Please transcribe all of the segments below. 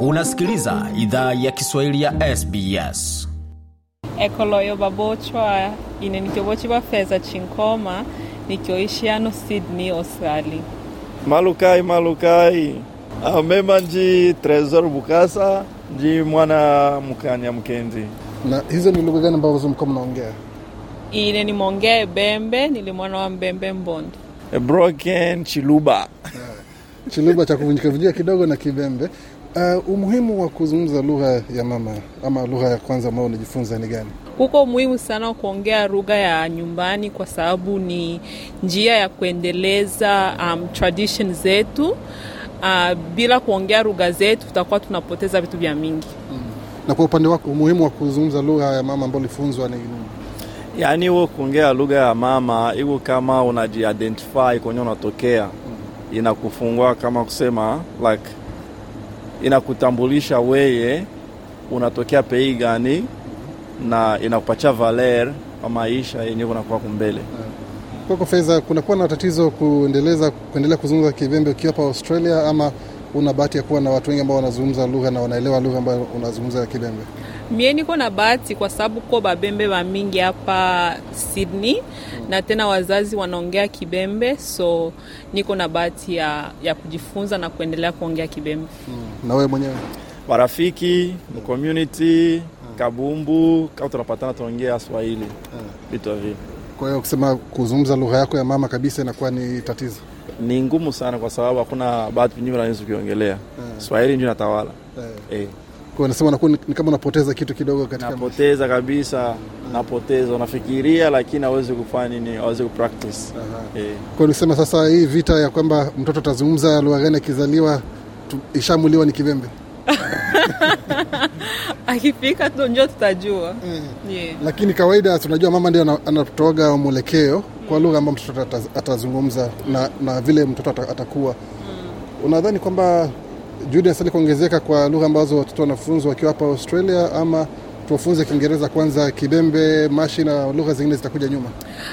Unasikiliza idhaa ya Kiswahili ya SBS. ekoloyo babochwa ine nikyobochibwa feza chinkoma nikyoishi ano Sydney, australi malukai malukai amema ah, nji Tresor Bukasa nji mwana mukanya mkenzi Na hizo ni lugha gani ambazo mko mnaongea? Ine nimongea Ebembe, nili mwana wa Mbembe Mbondi. Broken Chiluba ah, Chiluba cha kuvunjika vunjika kidogo na Kibembe. Uh, umuhimu wa kuzungumza lugha ya mama ama lugha ya kwanza ambayo unajifunza ni gani? Huko muhimu sana kuongea lugha ya nyumbani, kwa sababu ni njia ya kuendeleza um, tradition zetu. Uh, bila kuongea lugha zetu tutakuwa tunapoteza vitu vya mingi mm. Na kwa upande wako umuhimu wa kuzungumza lugha ya mama ambayo ulifunzwa ni yaani, huo kuongea lugha ya mama iko kama unajiidentify kwenye unatokea, mm. inakufungua kama kusema like inakutambulisha weye unatokea pei gani na inakupatia valer kwa maisha yenye unakuwa kumbele kwako. Fedha, kunakuwa na tatizo kuendeleza kuendelea kuzungumza Kivembe ukiwa pa Australia, ama una bahati ya kuwa na watu wengi ambao wanazungumza lugha na wanaelewa lugha ambayo unazungumza Kivembe? mie niko na bahati kwa sababu ko babembe mingi hapa Sydney na tena wazazi wanaongea Kibembe, so niko na bahati ya, ya kujifunza na kuendelea kuongea Kibembe. Mm. Na wewe mwenyewe marafiki community mm. Kabumbu kama tunapatana tunaongea Swahili mm. vitu hivi. Kwa hiyo kusema kuzungumza lugha yako ya mama kabisa inakuwa ni tatizo, ni ngumu sana, kwa sababu hakuna bahati nyingi unaweza kuiongelea. Swahili ndio inatawala eh. eh. Nasema nakuwa ni kama unapoteza kitu kidogo katika napoteza maisha. Kabisa napoteza, unafikiria lakini hawezi kufanya nini, hawezi kupractice eh. Kwa nisema sasa hii vita ya kwamba mtoto atazungumza lugha gani akizaliwa, ishamuliwa ni kivembe akifika tu tunajua tutajua mm. yeah. Lakini kawaida tunajua mama ndio anatoaga mwelekeo kwa mm. lugha ambayo mtoto atazungumza na, na vile mtoto atakuwa mm. Unadhani kwamba juhudi inastahili kuongezeka kwa lugha ambazo watoto wanafunzwa wakiwa hapa Australia ama tuwafunze Kiingereza kwanza, Kibembe, Mashi na lugha zingine zitakuja nyuma?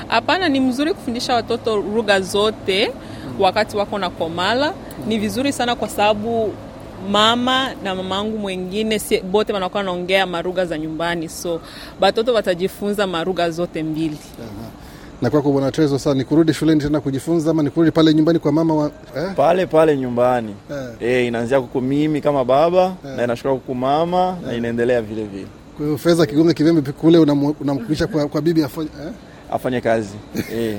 Hapana, ni mzuri kufundisha watoto lugha zote wakati wako na komala. Ni vizuri sana kwa sababu mama na mama angu mwengine si, bote wanakuwa wanaongea marugha za nyumbani, so watoto watajifunza marugha zote mbili. uh-huh na kwako bwana Trezo, sasa nikurudi shuleni tena kujifunza ama nikurudi pale nyumbani kwa mama wa, eh? Pale pale nyumbani eh. Eh, inaanzia kuku mimi kama baba eh. Na inashuka kuku mama eh. Na inaendelea vile vile. Kwa hiyo Fedha Kigonge Kivembe kule unamkumbisha kwa, kwa bibi afanye eh? afanye kazi eh.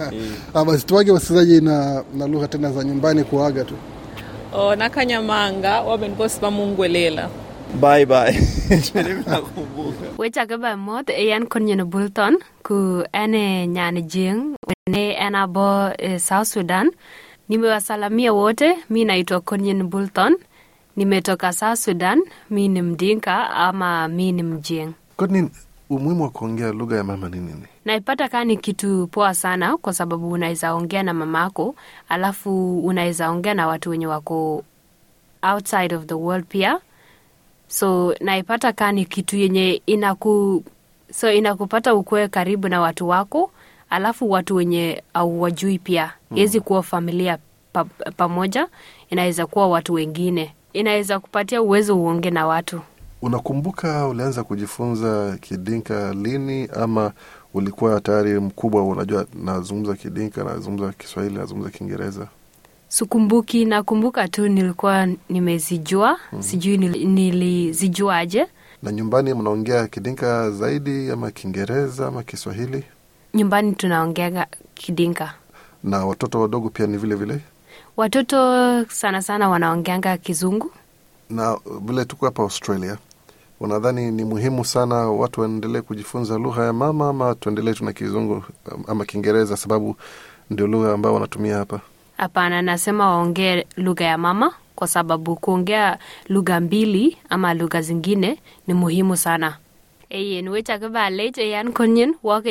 Eh. Basi tuwage wasikilizaji na, na lugha tena za nyumbani kuaga tu oh, nakanyamanga Mungu pamungwelela bye bye wechake ba moth eh, eyen kon nyen bulton ku ene nyan jeng ne ena bo eh, south sudan nimewasalamia wote mi naitwa konyen bulton nimetoka south sudan mi ni mdinka ama mi ni mjeng konin umuhimu wa kuongea lugha ya mama ni nini naipata kaa ni kitu poa sana kwa sababu unaweza ongea na mamako alafu unaweza ongea na watu wenye wako outside of the world pia so naipata kaa ni kitu yenye inaku so inakupata ukuwe karibu na watu wako alafu watu wenye auwajui pia iwezi mm. kuwa familia pa, pamoja inaweza kuwa watu wengine inaweza kupatia uwezo uonge na watu unakumbuka ulianza kujifunza kidinka lini ama ulikuwa tayari mkubwa unajua nazungumza kidinka nazungumza kiswahili nazungumza kiingereza sukumbuki nakumbuka tu nilikuwa nimezijua mm. sijui nilizijuaje. Na nyumbani mnaongea Kidinka zaidi ama Kiingereza ama Kiswahili? Nyumbani tunaongea Kidinka. Na watoto wadogo pia ni vile vile? Watoto sana sana wanaongeanga Kizungu. Na vile tuko hapa Australia, unadhani ni muhimu sana watu waendelee kujifunza lugha ya mama ama tuendelee tuna Kizungu ama Kiingereza, sababu ndio lugha ambayo wanatumia hapa? Hapana, nasema waongee lugha ya mama, kwa sababu kuongea lugha mbili ama lugha zingine ni muhimu sana. eyen wechake ba eyan woke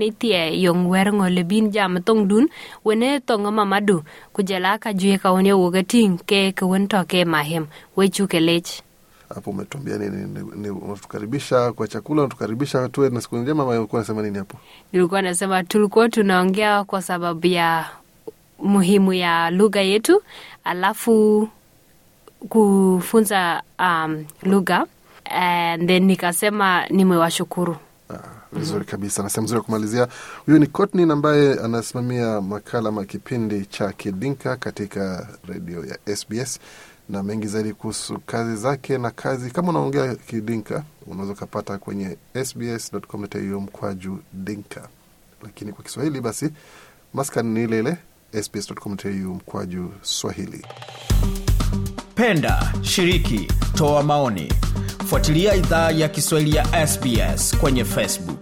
itie yong dun wene tongo mamadu kujela ka jue woke ting ke kewen toke mahem lech hapo umetuambia nini? Unatukaribisha kwa chakula, unatukaribisha tuwe na siku njema, ama ulikuwa unasema nini hapo? Nilikuwa nasema tulikuwa tunaongea kwa sababu ya muhimu ya lugha yetu, alafu kufunza um, lugha and then nikasema nimewashukuru. Ah, vizuri kabisa na sehemu zuri ya kumalizia. Huyu ni Cotnin ambaye anasimamia makala ma kipindi cha Kidinka katika redio ya SBS na mengi zaidi kuhusu kazi zake na kazi. Kama unaongea Kidinka unaweza ukapata kwenye sbs.com.au mkwaju dinka, lakini kwa Kiswahili basi maskani ni ileile sbs.com.au mkwaju Swahili. Penda, shiriki, toa maoni, fuatilia idhaa ya Kiswahili ya SBS kwenye Facebook.